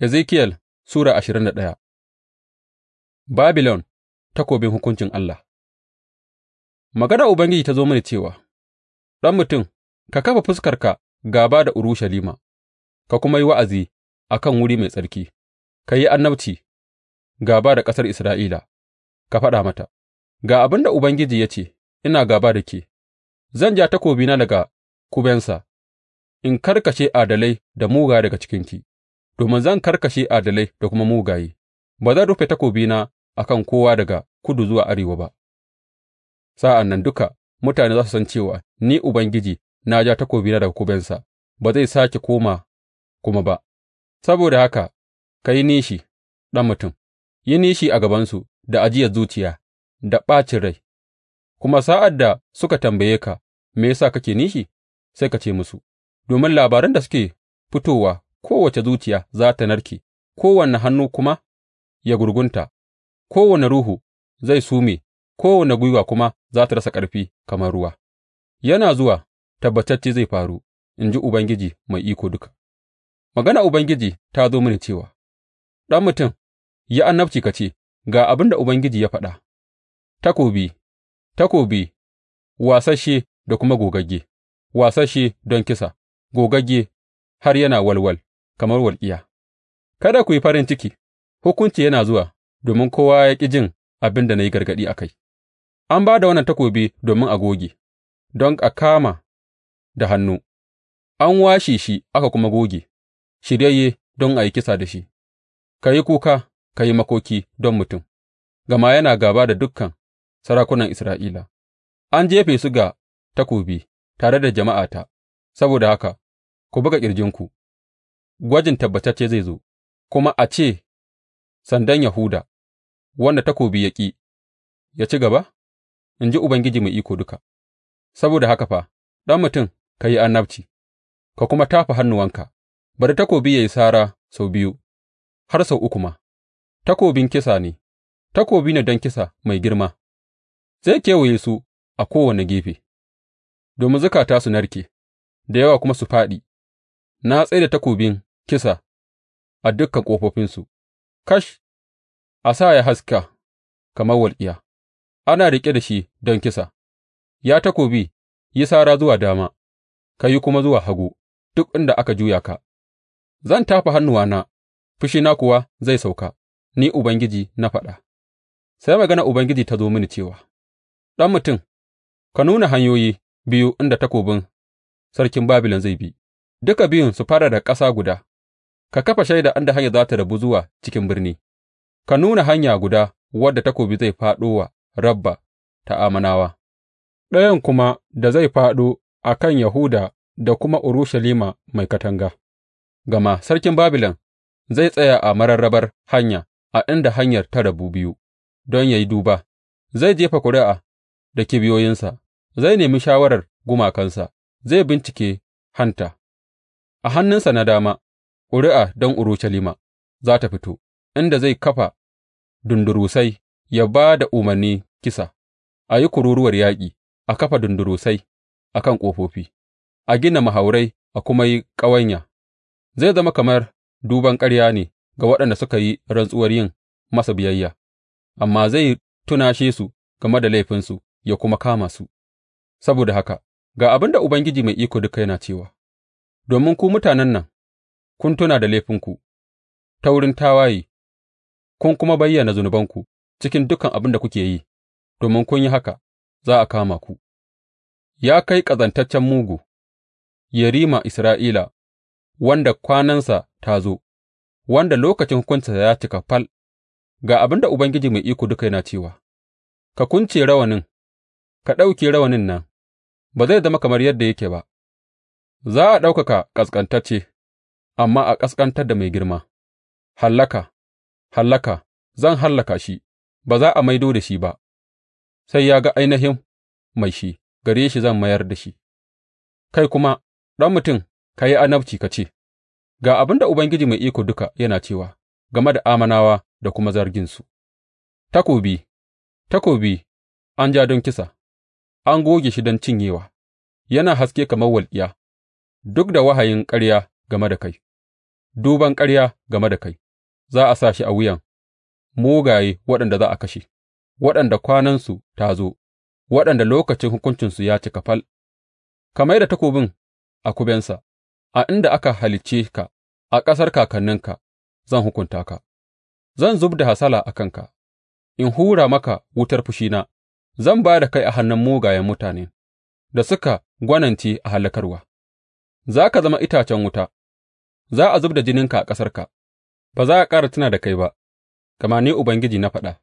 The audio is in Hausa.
Ezekiyel Sura ashirin da daya Babilon takobin hukuncin Allah Magana Ubangiji ta zo mini cewa, Ɗan mutum, ka kafa fuskarka gaba da Urushalima, ka kuma yi wa'azi a kan wuri mai tsarki, ka yi annabci gaba da ƙasar Isra'ila, ka faɗa mata, Ga abin da Ubangiji ya ce, Ina gaba da ke, zan ja takobina daga kubensa, in karkashe adalai da muga daga cikinki. domin zan karkashe adalai da kuma mugaye; ba zan rufe takobina a kan kowa daga kudu zuwa arewa ba, sa'an nan duka mutane za su san cewa Ni Ubangiji na ja takobina daga kubensa, ba zai sāke koma kuma ba, saboda haka ka yi nishi, ɗan mutum, yi nishi a gabansu da ajiyar zuciya da ɓacin rai, kuma sa'ad da suka tambaye ka, Me yasa kake nishi?’ sai ka ce musu, Domin labaran da suke fitowa kowace zuciya za ta narke, kowane hannu kuma ya gurgunta, kowane ruhu zai sume, kowane gwiwa kuma za ta rasa ƙarfi kamar ruwa, yana zuwa, tabbatacce zai faru, in ji Ubangiji Mai Iko Duka. Magana Ubangiji ta zo mini cewa, Ɗan mutum, ya annabci ka ce, Ga abin da Ubangiji ya faɗa, takobi, takobi, wasashe da kuma gogagge, wasashe don kisa, gogagge har yana walwal. kamar walƙiya. Kada ku yi farin ciki, hukunci yana zuwa, domin kowa ya ƙi jin abin da na yi gargaɗi a kai. An ba da wannan takobi domin a goge, don a kama da hannu, an washe shi aka kuma goge, shiryayye don a yi kisa da shi, ka yi kuka, ka yi makoki don mutum, gama yana gaba da dukkan sarakunan Isra'ila, an jefe su ga takobi tare da jama'ata, saboda haka ku buga ƙirjinku, Gwajin tabbatacce zai zo, kuma a ce sandan Yahuda, wanda takobi ya ƙi, ya ci gaba, in ji Ubangiji Mai Iko Duka, saboda haka fa, ɗan mutum, ka yi annabci, ka kuma tafa hannuwanka, bari takobi ya yi sara sau biyu, har sau uku ma, takobin kisa ne, takobi ne don kisa mai girma, zai kewaye su a kowane gefe, domin zukata su narke, da yawa kuma su faɗi. na tsai da takobin kisa a dukan ƙofofinsu, kash, a sa ya haska kamar walƙiya, ana riƙe da shi don kisa, ya takobi, yi sara zuwa dama, ka yi kuma zuwa hagu, duk inda aka juya ka, zan tafa hannuwana, fushina kuwa zai sauka, ni Ubangiji na faɗa. Sai magana Ubangiji ta zo mini cewa, Ɗan mutum, ka nuna hanyoyi biyu inda takobin sarkin Babilon zai bi, duka biyun su fara da ƙasa guda. Ka kafa shaida inda hanyar za tă rabu zuwa cikin birni; ka nuna hanya guda wadda takobi zai fāɗo wa Rabba ta amanawa. ɗayan kuma da zai fāɗo a kan Yahuda da kuma Urushalima mai katanga, gama sarkin Babilon zai tsaya a mararrabar hanya a inda hanyar ta rabu biyu don ya yi duba; zai jefa ƙuri'a da kibiyoyinsa, zai nemi shawarar gumakansa, zai bincike hanta a hannunsa na dama. Ƙuri'a don Urushalima za tă fito, inda zai kafa dundurusai ya ba da umarni kisa, a yi kururuwar yaƙi, a kafa dundurusai a kan ƙofofi, a gina mahaurai a kuma yi ƙawanya; zai zama kamar duban ƙarya ne ga waɗanda suka yi rantsuwar yin masa biyayya, amma zai tunashe su game da laifinsu ya kuma kama su. Saboda haka, ga abin da Ubangiji Mai Iko Duka yana cewa, Domin ku mutanen nan kun tuna da laifinku ta wurin tawaye kun kuma bayyana zunubanku cikin dukan abin da kuke yi, domin kun yi haka za a kama ku, ya kai ƙazantaccen mugu, yerima Isra'ila, wanda kwanansa ta zo, wanda lokacin hukunta ya cika fal, ga abin da Ubangiji Mai Iko Duka yana cewa, Ka kunce rawanin, ka ɗauke rawanin nan, ba zai zama kamar yadda yake ba, za a ɗaukaka ƙasƙantacce. amma a ƙasƙantar da mai girma, Hallaka, hallaka, zan hallaka shi, ba za a maido da shi ba, sai ya ga ainihin mai shi, gare shi zan mayar da shi. Kai kuma, ɗan mutum, ka yi anabci, ka ce, Ga abin da Ubangiji Mai Iko Duka yana cewa game da amanawa da kuma zarginsu, takobi, takobi, an ja don kisa, an goge shi don cinyewa, yana haske kamar walƙiya, duk da wahayin ƙarya game da kai. duban ƙarya game da kai, za a sa shi a wuyan mugaye waɗanda za a kashe, waɗanda kwanansu ta zo, waɗanda lokacin hukuncinsu ya cika fal, ka mai da takobin a kubensa, a inda aka halicce ka, a ƙasar kakanninka, zan hukunta ka, zan zub da hasala a kanka, in hura maka wutar fushina, zan ba da kai a hannun mugayen mutanen da suka gwanance a hallakarwa, za ka zama itacen wuta. Za a zub da jininka a ƙasarka; ba za a ƙara tuna da kai ba, gama Ni Ubangiji na faɗa.